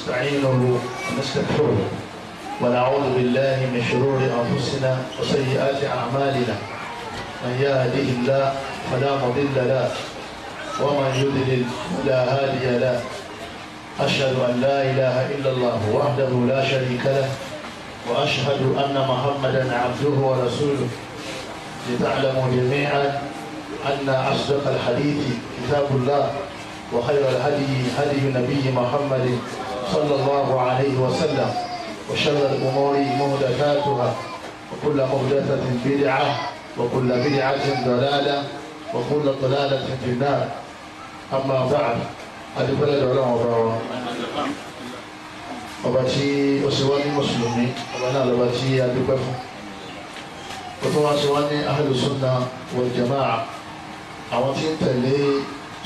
ونستعينه ونستغفره ونعوذ بالله من شرور أنفسنا وسيئات أعمالنا من يهده الله فلا مضل له ومن يضلل فلا هادي له أشهد أن لا إله إلا الله وحده لا شريك له وأشهد أن محمدا عبده ورسوله لتعلموا جميعا أن أصدق الحديث كتاب الله وخير الهدي هدي نبي محمد صلى الله عليه وسلم وشر الأمور مهدفاتها وكل مهدفة بدعة وكل بدعة ضلالة وكل ضلالة في النار أما بعد أدخل العلماء ọba tí ó ṣe wá ní mùsùlùmí ọba náà lọba tí a dúpẹ́ fún ó tún wá ṣe wá ní ahlu sunna wal jamaa àwọn tí ń tẹ̀lé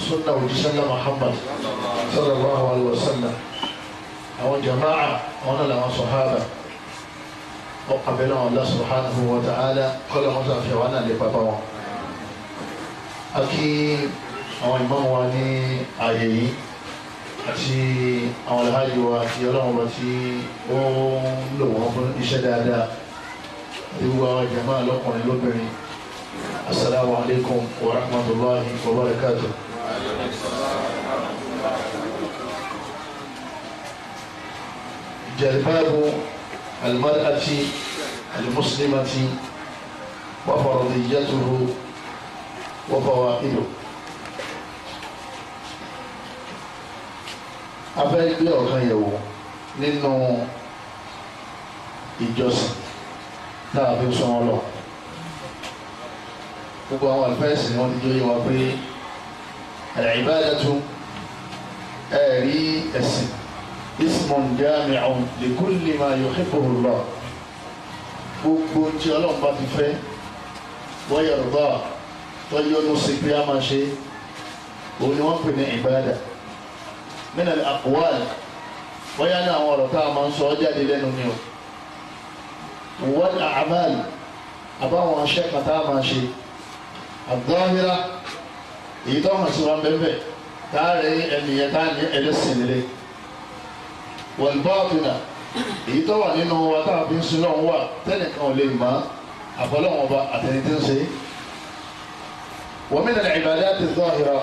sunna òjíṣẹ́ náà Muhammad sallallahu alaihi wa sallam àwọn jama'a àwọn náà làwọn sọ̀hábà ọ̀pàbẹ̀lẹ̀ wọn Allah subhanahu wa ta'ala kọ́lá wọn sàfihàn wọn náà lè pàpà wọn. a kí àwọn ìmáàmù wa ní ààyè yìí àti àwọn alhaji wa àti ọlọ́run wa tí ó ń lò wọ́n fún iṣẹ́ dáadáa àti àwọn jama'a lọ́kùnrin lóbìnrin assalamu wa rahmatullahi wa barakatuh. جلباب المرأة المسلمة وفرضيته وفوائده abẹ́ gbé ọ̀kan yẹ̀wò nínú ìjọsìn náà fi sọ wọn lọ gbogbo àwọn àlùfáàsì ni wọ́n ti jẹ́ yé wa pé àyà ìbáradà tún ẹ̀rí ẹ̀sìn اسم jami'un لكل ما يحبه الله. Allah gbogbo tí ọlọ́run bá ti fẹ́ wọ́yọ̀rọ̀bá tọ́yọ́nù sí pé a máa ṣe òun ni wọ́n pè ní ìbáàdà min al-aqwal bóyá ní àwọn ọ̀rọ̀ tá a máa ń sọ jáde lẹ́nu ni o wal a'mal àbáwọn aṣẹ́ kan tá a máa ṣe àdọ́hìrá èyí tó hàn sí wa bẹ́ẹ̀ bẹ́ẹ̀ tá a rẹ̀ ẹnìyẹn tá a ní ẹlẹ́sìn lélẹ́yìn wọlbọọtìnà èyí tó wà nínú wa tá a fi ń sin náà wà tẹnìkan ò lè mọ àfọlọ́wọn ọba àtẹnití ń ṣe. wọ́n mi nàlẹ́ ìbàdí àti zọ́ọ̀hìrọ̀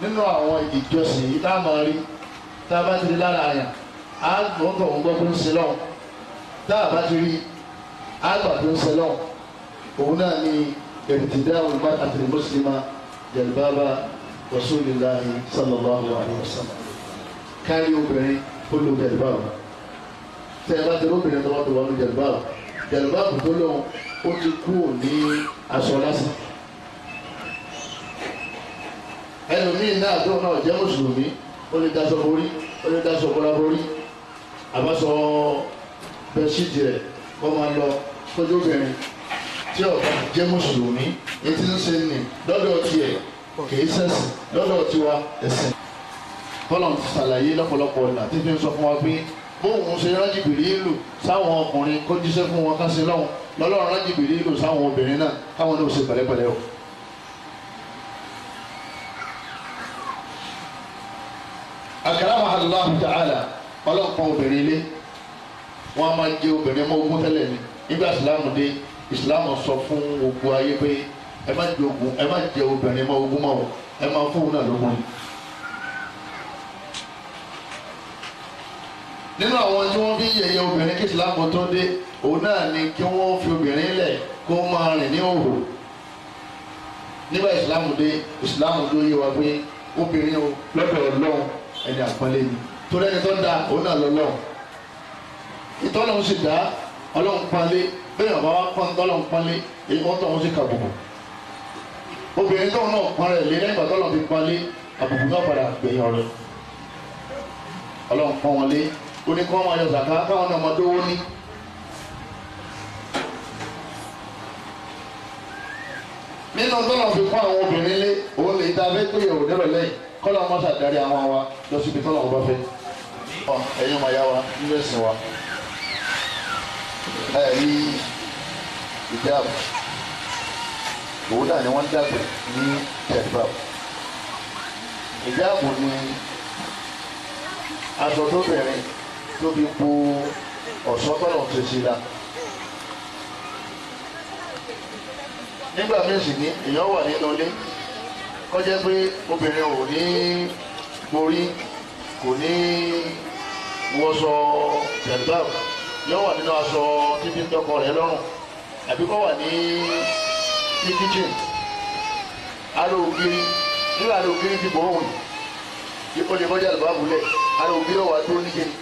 nínú àwọn ìjọsìn yìí tá a máa rí tá a bá ti rí lára àyàn á gbọ́n tó ń gbọ́ tó ń sin náà tá a bá ti rí á gbà tó ń sin náà òun náà ni èrìtìdá olùmọ àti mùsùlùmá jẹ̀lbábà rasulillah sallallahu alayhi wa kárí obìnrin kó lo jẹ̀lbáàbù tẹ́ ẹ bá ti lóbìnrin tó bá o wà ní jẹ̀lbáàbù jẹ̀lbáàbù tó lóun ó ti kú ní aṣọ lásán ẹlòmíín náà tó náà jẹ́ mùsùlùmí ó lè daṣọ borí ó lè daṣọ bọ́lá borí àbáṣọ bẹ́ṣíìtì rẹ̀ kọ́ máa lọ kójú obìnrin tí ọba jẹ́ mùsùlùmí etí ń ṣe nì lọ́dọ̀ tiẹ̀ kìí ṣẹ̀sìn lọ́dọ̀ tiwa ẹ̀sìn tọ́lọ̀ ń ṣàlàyé lọ́pọ̀lọpọ̀ ọ̀nà tí fi ń sọ fún wa pé bóun ṣe rán Jìbìrílù sáwọn ọkùnrin kó jíṣẹ́ fún wọn kánṣe lọ́hùn lọ́lọ́run rán Jìbìrílù sáwọn obìnrin náà káwọn náà ṣe pẹ̀lẹ́pẹ̀lẹ́ o. àkàràmà Allahu ta'ala ọlọ́pàá obìnrin ilé wọn a máa jẹ obìnrin mọ́ ogún tẹ́lẹ̀ ni nígbà Islam dé ìsìlámù sọ fún gbogbo ayé pé ẹ má jẹ obìnrin mọ́ ogún mọ́ ẹ má fóun náà lógún nínú àwọn tí wọ́n fi yẹ̀yẹ́ obìnrin kí ìsìlámù tó dé òun náà ni kí wọ́n fi obìnrin lẹ̀ kó máa rìn ní òhò nígbà ìsìlámù dé ìsìlámù tó yé wa pé obìnrin o lọ́dọ̀ ọlọ́run ẹni àpọ́nlé ni torí ẹni tó ń da òun náà lọ́lọ́run ìtọ́lọ́run sì dá ọlọ́run pọ́nlé bẹ́ẹ̀ bá wá pọ́n tọ́lọ́run pọ́nlé èyí wọ́n tọ́run sì kàbùkù obìnrin tóun náà pọ́n rẹ̀ lé lẹ́yìn tọ́lọ́run fi pọ́nlé àbùkù náà padà gbẹ̀yìn ọ̀rẹ́ ọlọ́run pọ́n wọn oníkan máa yọ zàká káwọn náà máa ní. nínú tọ́lọ̀ fi kọ́ àwọn obìnrin lé òun lè dá abẹ́ péye òun dẹ́rọ̀ lẹ́yìn kọ́lọ́ ọmọ ṣàdarí àwọn wa lọ síbi tọ́lọ̀ ọba fẹ́. ẹ̀yin ọmọ ya wa nínú ẹ̀sìn wa ẹ̀ rí ìjáàbù òun ni wọ́n dàgbé ní tẹ̀gbà ìjáàbù ni aṣọ tó bẹ̀rẹ̀ ló fi po ọ̀ṣọ́ tọ́lọ̀ ṣe ṣe la. nígbà míì ni èèyàn wà nínú ilé kọjá pé obìnrin ò ní borí kò ní wọṣọ jẹ̀lbáàbù yóò wà nínú aṣọ títí tọkọ rẹ̀ lọ́rùn àbí kọ́ wà ní ní kíchìn ara ògiri nígbà ara ògiri ti bọ̀ òun yìí kọjá jẹ̀lbáàbù lẹ̀ ara ògiri ọ̀wà tó níkẹ́ni.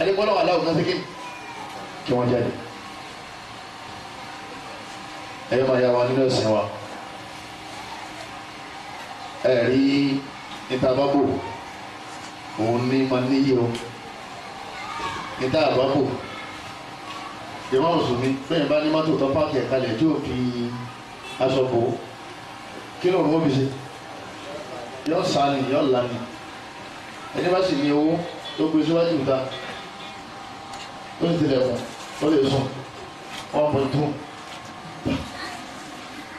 adébọ́lá wà láwùjọ sí kíni kí wọ́n jáde ẹ̀yọ́ máa yà wá nínú ẹ̀sìn wa ẹ̀rí ìtàbábò òun ní máa níyì o ìtàbábò ìmọ̀ mùsùlùmí bẹ́ẹ̀ bá ní mọ́tò tó páàkì ẹ̀ka lẹ̀ tí ò fi aṣọ bò ó kí lóòrùn ó fi ṣe yọ sani yọ lani ẹni bá sì ní owó tó gbé síwájú ta ó ti tilẹ̀ fún ó lè sùn one point two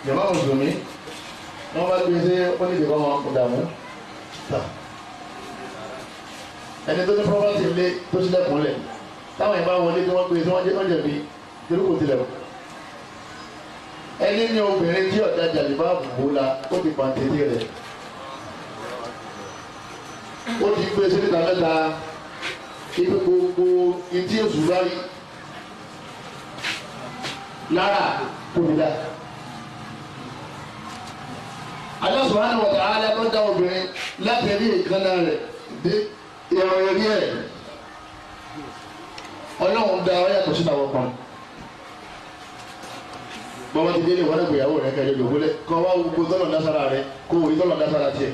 jàmbá mùsùlùmí wọ́n bá gbé sí onídìí kan wọn kò dààmú ẹni tó ní property lé tó sílẹ̀kùn lẹ̀ táwọn ìbá wọlé tí wọ́n gbé tí wọ́n jẹ́ lọ́jọ́ bí torí kò tilẹ̀ fún ẹni ní obìnrin tí ọ̀dà jàlíbá bò la ó ti pàǹtẹ̀lé rẹ̀ ó ti gbé sí níta mẹ́ta ibi gbogbo ìdí èzù báyìí lára tóbi dá. Allah subhanahu wa ta'ala ló dá obìnrin láti rí ìkànnà rẹ̀ dé ìrọ̀ orí ẹ̀ ọlọ́run dá ọ yàtọ̀ sí àwọn kan bọ́wọ́ ti délé wọlé gbìyàwó rẹ kẹjọ lògbólẹ̀ kọ́ wá gbogbo tọ́lọ̀ dására rẹ kó o rí tọ́lọ̀ dására tiẹ̀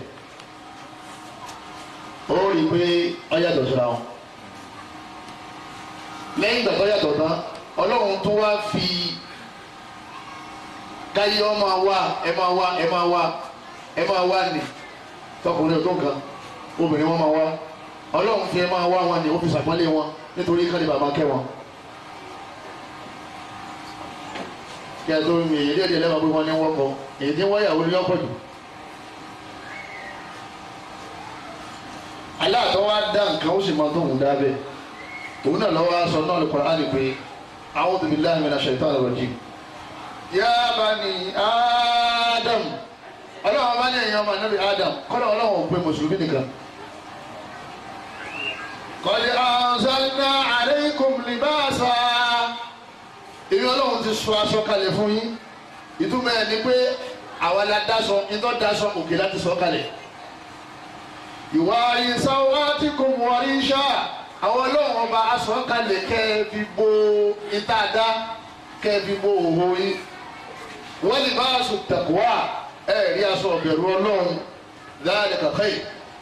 ó rí i pé ọ yàtọ̀ síra wọn. lẹ́yìn ìgbà ya yàtọ̀ tán ọlọ́run tó wá fi káyé ọ ma wá ẹ máa wá ẹ máa wá ẹ máa wá nì tọkùnrin ọdún kan obìnrin wọn máa wá ọlọ́run fi ẹ máa wá wọn ni ó fi wọn nítorí kálí bàbá wọn. kí a tó mi èyí díẹ̀ lẹ́wọ̀n pé wọ́n ní wọ́kọ̀ èyí tí lọ́pọ̀ jù. aláàtọ̀ wá òun náà lọ́wọ́ aṣọ náà lè kọ́ra ánì pé a'udhu billahi minash shaitanir rajim. ya bani adam ọlọ́run bá ní ẹ̀yàn ọmọ anábì adam kọ́lá ọlọ́run ò pe mùsùlùmí nìkan. qad anzalna alaykum libasa ìyẹn ọlọ́run ti sọ aṣọ kalẹ̀ fún yín ìtumọ̀ ẹ̀ ni pé àwa la daṣọ ìtọ́ daṣọ òkè láti sọ kalẹ̀. ìwà ìsáwá ti kò mọ̀ ṣáà. àwọn ọlọ́run ọba asọ̀kalẹ̀ kẹ́ ẹ fi bo ìtaàdá kẹ́ ẹ fi bo òhò yín wọ́n lè bá aṣọ tẹ̀kọ́wà ẹ rí aṣọ ọ̀bẹ̀rù ọlọ́run láàrin kàkẹ́ yìí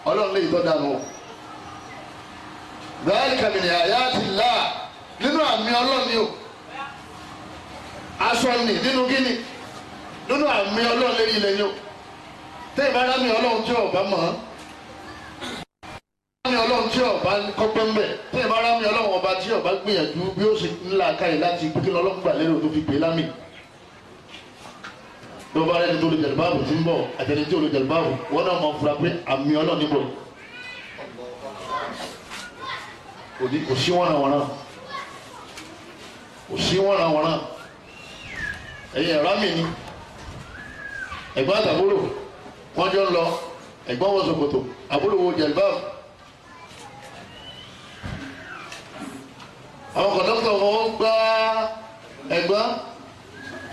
ọlọ́run lè tọ́ dànù láàrin àyà ti là nínú àmì ọlọ́run ni o aṣọ ni nínú gíní nínú àmì ọlọ́run lè rí ilẹ̀ o tẹ́ ìbára mi ọlọ́run tí ọba mọ̀ ní ọlọ́run tí ọba kọ́gbọ́n bẹ̀ tí ẹ bá rá mi ọlọ́run ọba tí ọba gbìyànjú bí ó ṣe ńlá káyè láti pé kí ọlọ́run gbà lérò tó fi pè é lámì. bí ọba rẹ ní tó lè jẹ̀lú báàbò tí ń bọ̀ àtẹni tí ò lè jẹ̀lú báàbò wọn náà máa fura pé àmì ọlọ́run níbọ̀ kò sí wọ́nà wọ́nà kò sí wọ́nà wọ́nà ẹ̀yin ẹ̀rọ mi ni ẹ̀gbọ́n àtàbúrò wọ́n jọ ń lọ ẹ̀gbọ́n wọ ṣòkòtò àbúrò wọ àwọn kọ̀dọ́tọ̀ fọwọ́ gbá ẹ̀gbọ́n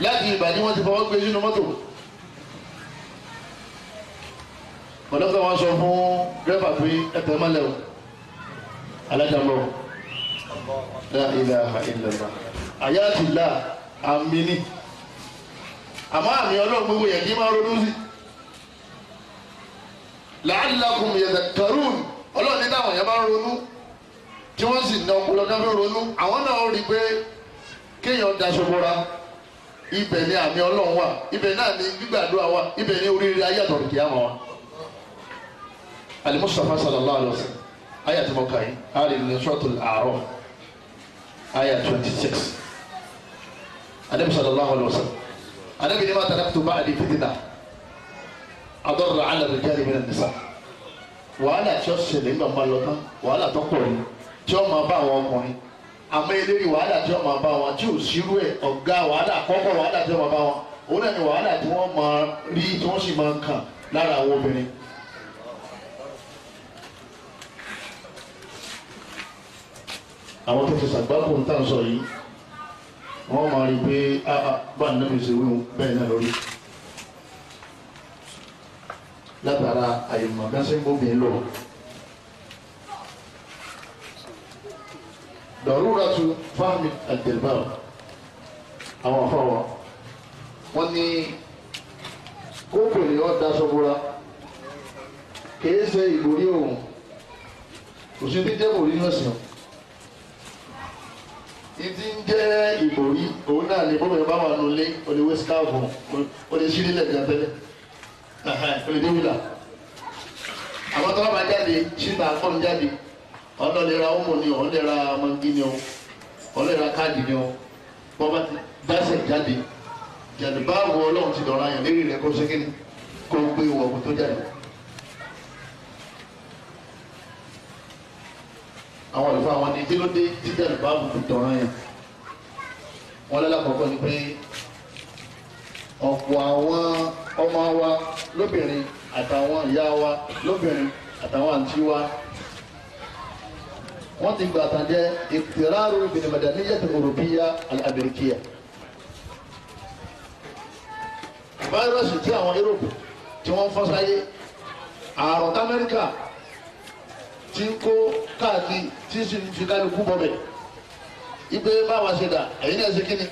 láti ìbàdí wọn ti fọwọ́ gbé sínú mọ́tò kọ̀dọ́tọ̀ wọn sọ fún dẹ́fà pé ẹ̀tẹ̀ mọ́lẹ̀ o alájàmbọ̀ la ilaha illallah àyàtìlá àmìní àmọ́ àmì ọlọ́run gbogbo yẹn kí n máa ronú sí la'allakum yadhakkarun ọlọ́run ní táwọn yẹn máa ronú tí wọ́n sì na ọpọlọ náà fẹ́ ronú àwọn náà rí i pé kéèyàn daṣọ bora ibẹ̀ ni àmì ọlọ́run wà ibẹ̀ náà ni gbígbàdúrà wà ibẹ̀ ni oríire ayé àtọ̀rọ̀ kìí àmọ́ wa. alimusafa sallallahu alayhi wa sallam aya tí mo kà yín ali twenty six alimusafa sallallahu alayhi wa sallam anabi ni ma taraktu ba'di fitna adarra ala rijali minan nisa wàhálà tí ó ṣẹlẹ̀ ń bá ma lọ wàhálà tó kọ̀ yìí tí ó máa bá àwọn ọkùnrin àmọ́ eléyìí wàhálà tí ó máa bá wọn tí ò sírú ẹ̀ ọ̀gá wàhálà kọ́kọ́ wàhálà tí ó máa bá wọn òun náà ni wàhálà tí wọ́n máa rí tí wọ́n sì máa kàn lára àwọn obìnrin. àwọn tó ti sàgbákò ń tàn sọ yìí wọ́n máa rí i pé ah, ah, bá a nàbì ṣe wíwọ́n bẹ́ẹ̀ náà lórí. látara àyèmọ̀ gánsẹ́ gbóbìn lọ. dọ̀rúratu fahmi al-dilbar àwọn afọwọ́ wọn ní kóbìnrin ọ̀dà sọ́búra kìí ṣe ìgbórí òun kò sí ti jẹ́ ìgbórí náà sàn ìdí ń jẹ́ ìgbórí òun náà ní bóbá bá wà nulẹ̀ o lè wé skáàfù o lè ṣí nílẹ̀ gan àwọn tó bá máa jáde ṣí ta fọ́n jáde ọlọ́lera ọmọ ni ọlọ́lera mangi ni ọ ọlọ́lera káàdì ni ọ bọ́ba ti dáṣẹ̀ jáde jáde báwo ọlọ́run ti dọ̀ra yàn lérí rẹ̀ kó sékéni kó gbé ìwọ̀ ọ̀gbìn tó jáde. àwọn àlùfáà wọn ni kí ló báwo ti dọ̀ra yàn wọn lálàkọ̀ọ́kọ́ ni pé ọ̀pọ̀ àwọn ọmọ wa lóbìnrin àtàwọn ìyá wa lóbìnrin àtàwọn àǹtí wa wọ́n ti gbà tán jẹ́ ìkìláàrú bìnnìmọ̀dàníyàtì òrùbíyà àbẹ̀ríkìyà. fáírọ́ọ̀sì tí àwọn Europe tí wọ́n fọ́n sáyé àrùn Amẹ́ríkà ti ń kó káàkiri tí sì fi kálukú bọ̀ bẹ̀. ipe báwa ṣe dà ẹ̀yin náà ṣe kíni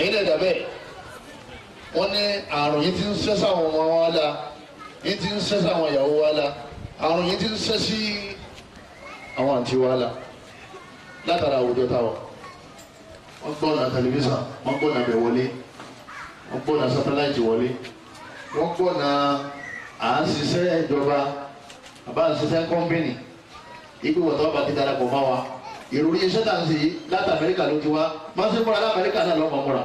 ẹ̀yin náà dà bẹ́ẹ̀. wọ́n ní àrùn yìí ti ń ṣẹ́ sáwọn ọmọ wa la yìí ti ń ṣẹ́ sáwọn ìyàwó wa la àrùn yìí ti ń ṣẹ́ àwọn àǹtí wa la látara àwùjọ táwa wọ́n gbọ́nà tẹlifíṣàn wọ́n gbọ́nà bẹ̀ wọlé wọ́n gbọ́nà sátáláìtì wọlé wọ́n gbọ́nà à ń ṣiṣẹ́ ìjọba àbá ń ṣiṣẹ́ kọ́ńpìnì ibi wọ̀tọ́ bá ti darapọ̀ mọ́ wa ìròyìn iṣẹ́ tà ń ṣe yìí láti amẹ́ríkà ló ti wá máa ń ṣe múra lámẹ́ríkà náà lọ́mọ múra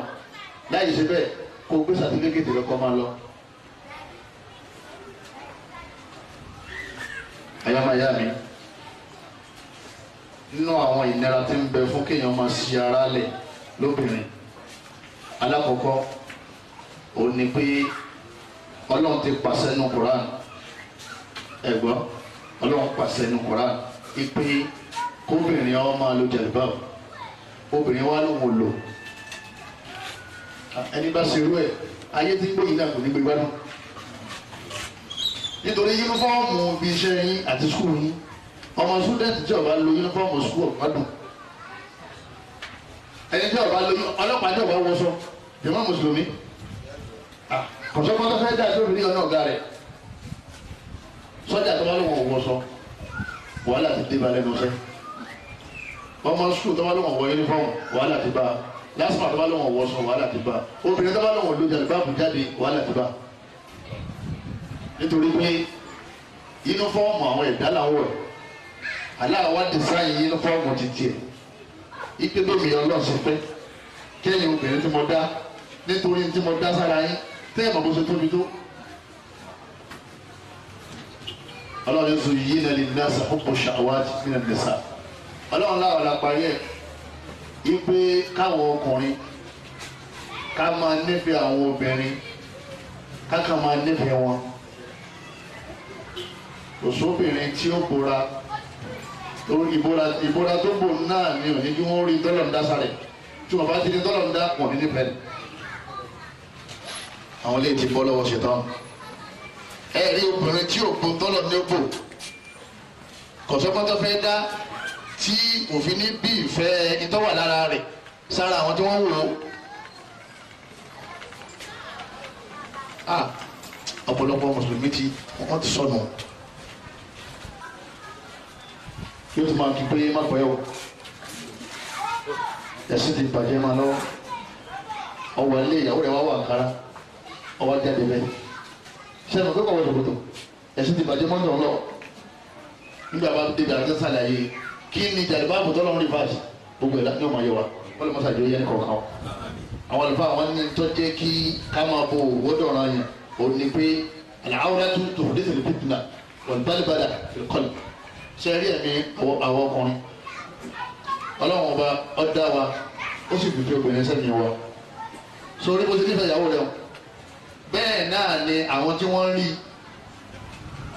láì ṣe bẹ́ẹ̀ kó o gbé sàtífíkètì rẹ kọ́ máa lọ. ayọ́mọ ìyá mi nínú àwọn ìnira tí ń bẹ fún kéèyàn máa ṣi ara lẹ̀ lóbìnrin alákọ̀ọ́kọ́ ò ní pé ọlọ́run ti pàṣẹ nu koran ẹ̀gbọ́n ọlọ́run pàṣẹ nu koran ipe kóbìnrin ọ máa lo jàlùbá obìnrin wa ló ń ẹni bá ṣerú ẹ ayé tí ń gbé yìí náà gbádùn nítorí yunifọ́ọ̀mù bí iṣẹ́ yín àti skul yín ọmọ sùdẹ́ǹtì tí ó bá lo yunifọ́ọ̀mù sukùl ọ̀gbádùn ẹni tí ó bá lo ọlọ́pàá tí ó bá wọṣọ jẹ̀mọ́ mùsùlùmí kọ̀sọ́kọ́sọ́ sẹ́jà tó fi ní ọ̀nà ọ̀gá rẹ̀ sọ́jà tó bá lọ́wọ́ wọṣọ wàhálà ti dé balẹ̀ lọ́sẹ̀ ọmọ sukùl tó bá lọ́wọ́ wọ yunifọ́ọ̀mù wàhálà ti bá lásìmọ̀ tó bá lọ́wọ́ wọṣọ wàhálà ti bá obìnrin tó bá lọ́wọ́ lójà ìbáàbù jáde wàhálà ti bá nítorí pé yunifọ́ọ̀mù àwọn ẹ̀dá làwọn ẹ̀ aláwa design yunifọ́ọ̀mù títí ẹ̀ ipe bẹ́ẹ̀ mi ọlọ́sọ pé kẹ́yìn obìnrin tí mo dá nítorí tí mo dá sára yín tẹ́yìn màbó ṣe tóbi tó. ọlọ́run yóò sọ yìí náà lè ní àṣà púpọ̀ ṣàwádìí nínú ẹ̀sà ọlọ́run láwọn la parí ẹ̀ ipe káwọn ọkùnrin ká máa nífẹ̀ẹ́ àwọn obìnrin ká kàn máa nífẹ̀ẹ́ wọn òṣòbìnrin tí ó bora ìbora ìbora tó bò náà ni òní kí wọ́n rí tọ́lọ̀ ń dá sáré tí wọ́n bá ti ní tọ́lọ̀ ń dá wọ́n ní nífẹ̀ẹ́ ni. àwọn ilé ti bọ́ lọ́wọ́ ṣetán ẹ rí obìnrin tí òpó tọ́lọ̀ ní òpó kọ̀sọ́kọ́tọ́ fẹ́ dá tí òfin ní bí ìfẹ́ ìtọ́wà lára rẹ̀ sára àwọn tí wọ́n wò ó. Ah, ọ̀pọ̀lọpọ̀ mùsùlùmí ti wọ́n ti sọnù. So yóò tún máa kí pé má pẹ́ o ẹ̀sìn ti bàjẹ́ máa lọ́wọ́ ọwọ́ ilé ìyàwó rẹ̀ wá wà kára ọwọ́ jáde bẹ́ẹ̀ sẹ́nu pé kọ̀wé ṣòkòtò ẹ̀sìn ti bàjẹ́ mọ́tò ọlọ́ nígbà bá dé dàrú tó sàlàyé kí ni jàdí bá bùtọ́ lọ́rùn rìfáàsì gbogbo ẹ̀dá ni ó máa yọ wa wọ́n lè mọ́sàdé yẹn kọ̀ọ̀kan o àwọn àlùfáà àwọn ní tó jẹ́ kí ká máa bo òwòdò ọ̀ràn yẹn òun ni pé àlàáwọ̀ látún tòun dé sèlè fìtìnà wọ́n bá lè padà ṣe rí ẹ̀mí àwọn ọkùnrin ọlọ́run ọba ọ̀dá wa ó sì fi fi obìnrin sẹ́mi wa sórí bó ti nífẹ̀ẹ́ ìyàwó rẹ̀ bẹ́ẹ̀ náà ni àwọn tí wọ́n rí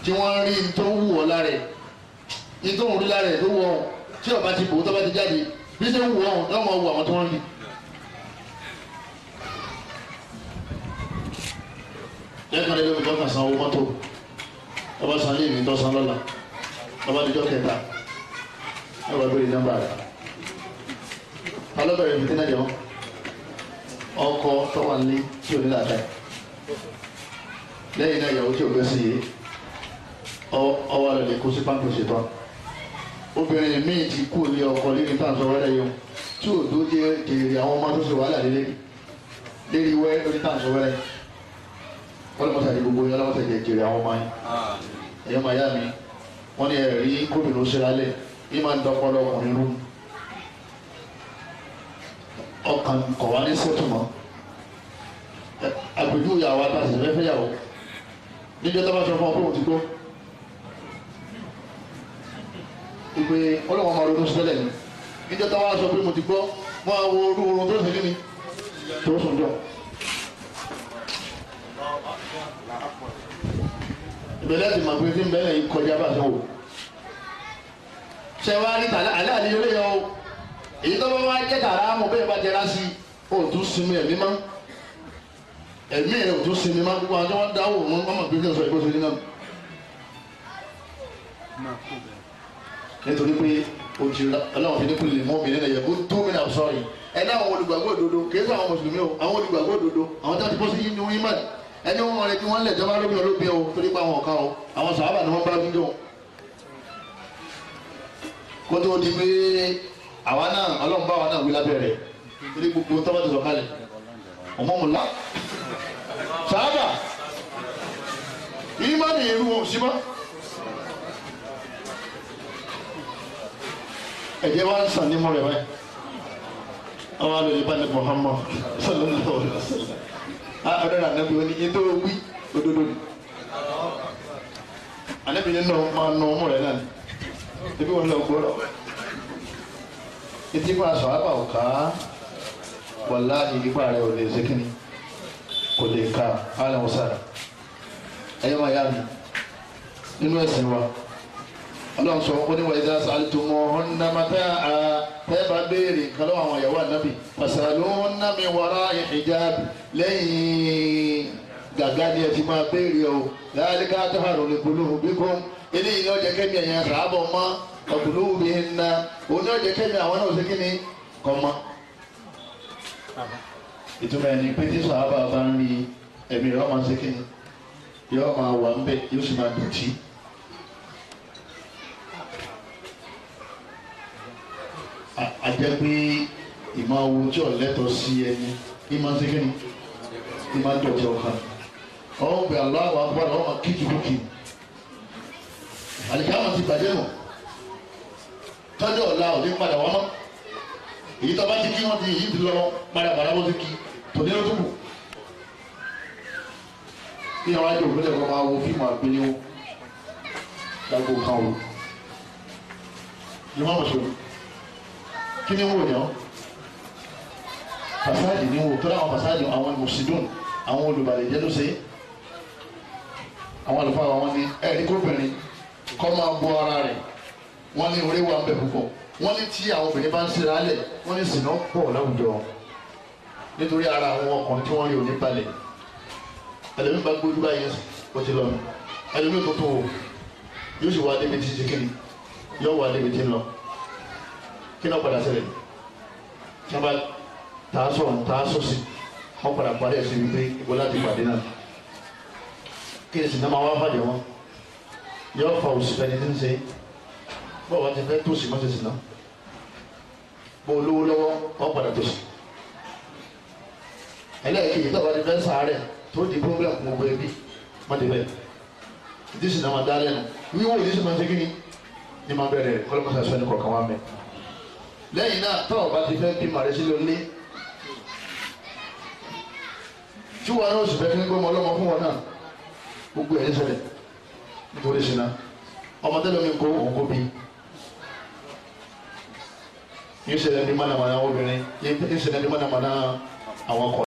tí wọ́n rí tó wù ọ́ lára ẹ̀ tó ń rí lára ẹ̀ tó wù ọ́ tí ọba ti bò tó bá ti jáde bí ṣe ń wù ọ́ lọ́mọ wù àwọn tó ń rí. lẹ́ẹ̀kan lé lórí bọ́ọ̀kan sanwó mọ́tò ọba sanlé mi tó san lọ́la ọba àtijọ́ kẹta ọba àgbèrè nọ́mbà rẹ̀ alọ́bẹ̀rẹ̀ mi tẹ́lẹ̀ jọ ọkọ tọ́wà ní tí ò ní làtà lẹ́yìn náà ìyàwó tí ò gbẹ́sì yìí ọwọ́ rẹ̀ lè kó sí páńpù ṣètọ́ obìnrin míì ti kú ní ọkọ lílì tá à ń sọ wẹ́rẹ́ yìí tí ò tó jẹ́ jèrè àwọn ọmọ tó ṣe wàhálà lé lérí wẹ́ lórí tá à ń sọ wẹ́rẹ́ kọ́lọ́mọ́sà gbogbo yẹn ọlọ́mọ́sà jẹ jèrè àwọn ọmọ yẹn ẹ̀yọ́ màá wọ́n ní ẹ̀rí gómìnà ṣẹlálẹ̀ yìí máa ń dọ́pọ́lọ́ ọkùnrin rú ọkàn kọ̀ wá ní sẹ́tù mọ́ àpèjúwe ìyàwó àtàṣe fẹ́ fẹ́yàwó níjọ́ tó bá sọ fún ọ pé òun ti gbó ìpè ọlọ́wọ́n máa ronú sílẹ̀ ni níjọ́ tó wá sọ pé mo ti gbọ́ wọ́n wo orú oorun tó sì ní mi tó sùn jọ. ìbẹ̀lẹ̀ ti ma pé tí ń yìí kọjá bá sọ̀rọ̀ ṣe wá rí tàlẹ́ àlẹ́ àlẹ́ yọ èyí tó bá wá jẹ́ tàrà mọ̀ bẹ́ẹ̀ bá jẹra sí o tún sinmi ẹ̀mí mọ́ ẹ̀mí o tún sinmi mọ́ gbogbo àwọn tó wọ́n dáwọ́ mọ́ wọ́n mọ̀ pé kí n sọ sinmi náà. nítorí pé o ti ọlọ́run fi ní kúlè mọ́ mi nílẹ̀ yẹ kó tó mi náà yìí o àwọn olùgbàgbọ́ òdodo àwọn tó ti bọ́ sí yín wọ́n yín ẹni wọn retí wọn lẹ jọba lóbi olóbi o torí pé àwọn ọ̀ka o àwọn sàábà ni wọn bá bí jọ kó di pé àwa náà ọlọ́run bá wa náà wí lábẹ́rẹ́ torí gbogbo tọ́wọ́ ti sọ̀kalẹ̀ ọmọmọlá sàábà yìí má ní irú wọn sí mọ́. ẹ̀jẹ̀ wa ń sàn ní mọ́rẹ̀ wáyé àwọn àlọ́ yìí bá ní Muhammad sallallahu alaihi ọdọdọ anabi wọn ni yẹn tó wí òdodo ni anabi ni nọ máa nọ ọmọ rẹ náà ni ebi wọn lọ gbọrọ etí fún aṣọ àbá òkà wàlá ìdígbà rẹ ò lè ṣèkínní kò lè ka alẹ́ wọn sára ẹ̀yọ́ máa yá mi nínú ẹ̀sìn wa ọlọ́run sọ wọn kó ní wàyíṣẹ́ sàlùtùmọ̀ọ́nà mata a tẹ́ bá béèrè nǹkan lọ́wọ́ àwọn ìyàwó ànábì fasaluna min wara'i hijab lẹ́yìn gàgá ni ẹ ti máa béèrè o dhalika atharu li qulubikum eléyìí ni ọjà kẹ́mi ẹ̀yàn sàábọ̀ mọ́ qulubihinna òun ni ọjà kẹ́mi àwọn náà ṣe kí ni kọ́ mọ́. ìtumọ̀ ẹni pé tí sàábà bá ń rí ẹ̀mí rẹ̀ ọmọ jẹ́ pé ìmọ̀ awo tí ò lẹ́tọ̀ọ́ sí ẹni ìmọ̀ ṣe kí ni ìmọ̀ dọ̀tí ọkàn ọ̀hún pé aláwọ̀ abúlé ọ̀hún kìjìkìjì àlìkámà ti bàjẹ́ nù tọ́jú ọ̀la òní padà wọ́n mọ́ èyí tó bá ti kí wọ́n ti yìí ti lọ padà padà wọ́n ti kí tòní ló tún kù kí ni àwọn àjò òfin lẹ́kọ̀ọ́ máa wo fíìmù àgbéléwò lágbo kan o ìmọ̀ mùsùlùmí kí ni wò ní fasadi ni wò tọ́lá awon fasadi àwọn mùsùlùmí awon olùbàlẹ̀jẹ́ ló ṣe àwọn àlùfáà wọn ni ẹ̀rí kóbìnrin kọ́ máa bọ́ ara rẹ̀ wọ́n ní orí wa ń bẹ̀ púpọ̀ wọ́n ní tí àwọn obìnrin bá ń ṣe rálẹ̀ wọ́n ní sìnà pọ̀ láwùjọ nítorí ara àwọn ọkùnrin tí wọ́n rí òní balẹ̀ ẹlẹ́mí bá gbójú báyìí ó ti lọ ẹlẹ́mí tuntun yóò sì wá débi tí kiri yóò wá débi tí ń lọ kí náà padà ṣẹlẹ̀ tí wọ́n bá ta sọ̀rọ̀ ta sọ̀sì wọ́n padà parí ẹ̀sìn wípé ìbọn láti pàdé náà kí èsì náà máa wá bàjẹ́ wọn yọ fa òsì fẹ́ni tí ń ṣe bọ́ọ̀ wá ti fẹ́ tó sì mọ́ṣẹ́ sí náà bó olówó lọ́wọ́ wọ́n padà tó sì ẹlẹ́ẹ̀kejì tó bá ti fẹ́ sàárẹ̀ tó di program gbogbo ẹbí má ti bẹ́ẹ̀ ìdí sì náà máa dá lẹ́nu wíwò ìdí sì máa ṣe kí ni ní máa bẹ̀rẹ̀ kọ́lọ́mọ́sá sọ́ni kọ̀ọ̀kan wá mẹ́ta lẹ́yìn náà tọ́ ọba ti fẹ́ bímọ rẹ sílẹ̀ lé tí wọn náà sì fẹ́ kí ní gbọ́mọ ọlọ́mọ fún wọn náà gbogbo ẹ̀ ń ṣẹlẹ̀ nítorí sinna ọmọ tẹ́lẹ̀ mi kó òun kó bí ń ṣẹlẹ̀ ní mọ̀nàmọ́ná obìnrin ń ṣẹlẹ̀ ní mọ̀nàmọ́ná àwọn ọkọ.